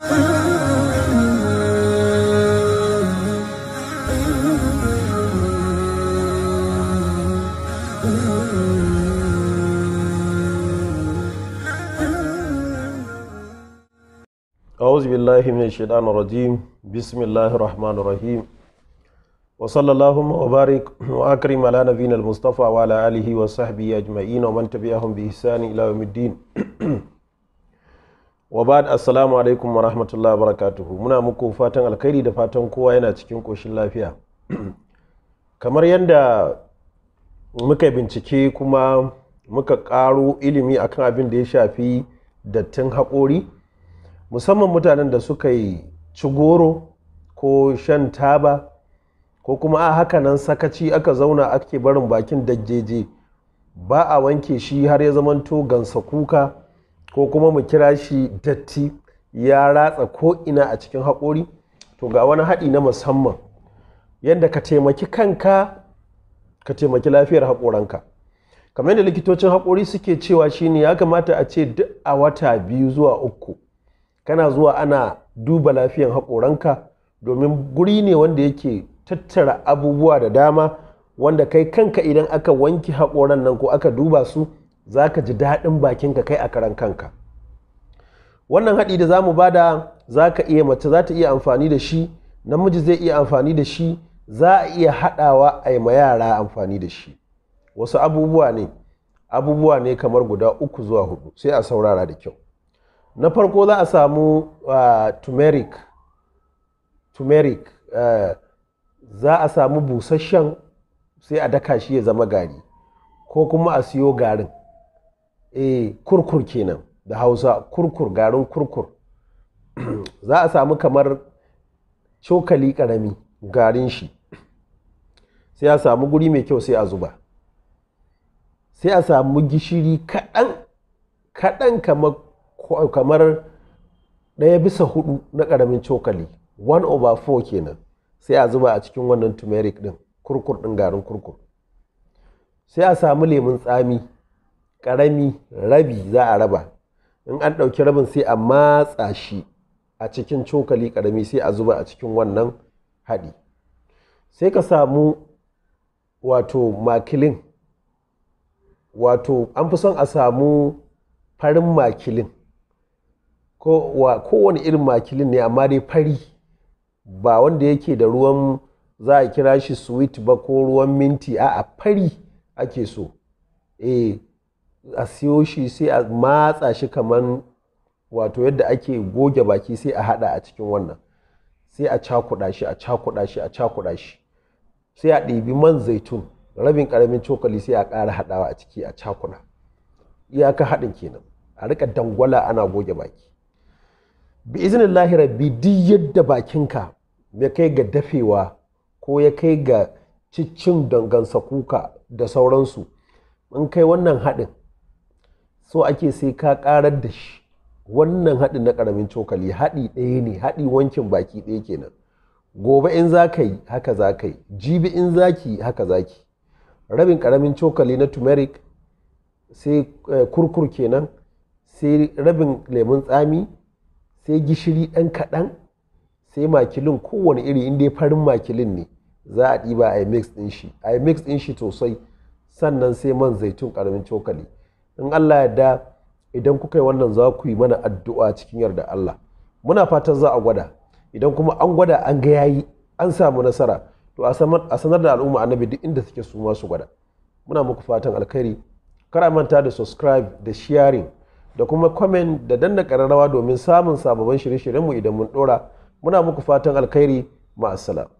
أعوذ بالله من الشيطان الرجيم بسم الله الرحمن الرحيم وصلى اللهم وبارك وأكرم على نبينا المصطفى وعلى آله وصحبه أجمعين ومن تبعهم بإحسان إلى يوم الدين wa ba assalamu alaikum wa rahmatullahi wa barakatuhu muna muku fatan alkhairi da fatan kowa yana cikin koshin lafiya kamar yadda muka bincike kuma muka ƙaro ilimi akan abin da ya shafi dattin haƙori musamman mutanen da suka yi ci goro ko shan taba ko kuma a hakanan sakaci aka zauna ake barin bakin dajjeje ba a wanke shi har ya zamanto gansa kuka ko kuma mu kira shi datti ya ratsa ko ina a cikin haƙori to ga wani haɗi na musamman yadda ka taimaki kanka ka taimaki lafiyar haƙoranka kamar yadda likitocin haƙori suke cewa shine ya kamata a ce duk a wata biyu zuwa uku kana zuwa ana duba lafiyar haƙoranka domin guri ne wanda yake tattara abubuwa da dama wanda kai kanka idan aka wanke haƙoran nan ko aka duba su za ka ji daɗin bakinka kai a karan kanka wannan haɗi da za mu bada za ka iya mace za ta iya amfani da shi namiji zai iya amfani da shi za a iya haɗawa a yi ma yara amfani da shi wasu abubuwa ne abubuwa ne kamar guda uku zuwa hudu sai a saurara da kyau na farko za a samu turmeric turmeric za a samu busasshen sai a daka shi ya zama gari ko kuma a siyo garin eh kurkur kenan da hausa kurkur garin kurkur za a samu kamar cokali karami garin shi sai a samu guri mai kyau sai a zuba sai a samu gishiri kaɗan kaɗan kamar ɗaya bisa hudu na ƙaramin cokali one over four kenan sai a zuba a cikin wannan turmeric ɗin kurkur ɗin garin kurkur sai a samu lemun tsami ƙarami rabi za a raba in an ɗauki rabin sai a matsa shi a cikin cokali ƙarami sai a zuba a cikin wannan haɗi sai ka samu wato makilin wato an fi son a samu farin makilin ko kowane irin makilin ne amma dai fari ba wanda yake da ruwan za a kira shi sweet ba ko ruwan minti a fari ake so eh a siyo shi sai a matsa shi kamar wato yadda ake goge baki sai a hada a cikin wannan sai a cakuɗa shi a cakuɗa shi a cakuɗa shi sai a ɗibi man zaitun rabin ƙaramin cokali sai a ƙara haɗawa a ciki a cakuɗa iyaka haɗin kenan a rika dangwala ana goge baki bi lahira bi duk yadda bakinka ya kai ga dafewa ko ya kai ga ciccin dangansa kuka da sauransu in kai wannan haɗin so ake sai ka karar da shi wannan haɗin na ƙaramin cokali haɗi ɗaya ne haɗi wankin baki ɗaya kenan gobe in za ka yi haka za ka yi jibi in za ki haka za ki rabin ƙaramin cokali na turmeric sai eh, kurkur kenan sai rabin lemun tsami sai gishiri ɗan kaɗan sai makilin kowane iri in dai farin makilin ne za a ɗiba a yi mix ɗin shi a yi mix ɗin shi sosai sannan sai man zaitun ƙaramin cokali in Allah yarda idan kuka yi wannan za ku yi mana addu'a cikin yarda Allah muna fatan za a gwada idan kuma an gwada an ga yayi an samu nasara to a sanar da al'umma annabi duk inda suke su ma su gwada muna muku fatan alkhairi kara manta da subscribe da sharing da kuma comment da danna kararrawa domin samun sababbin shirye-shiryenmu idan mun dora muna muku fatan alkhairi ma'assalam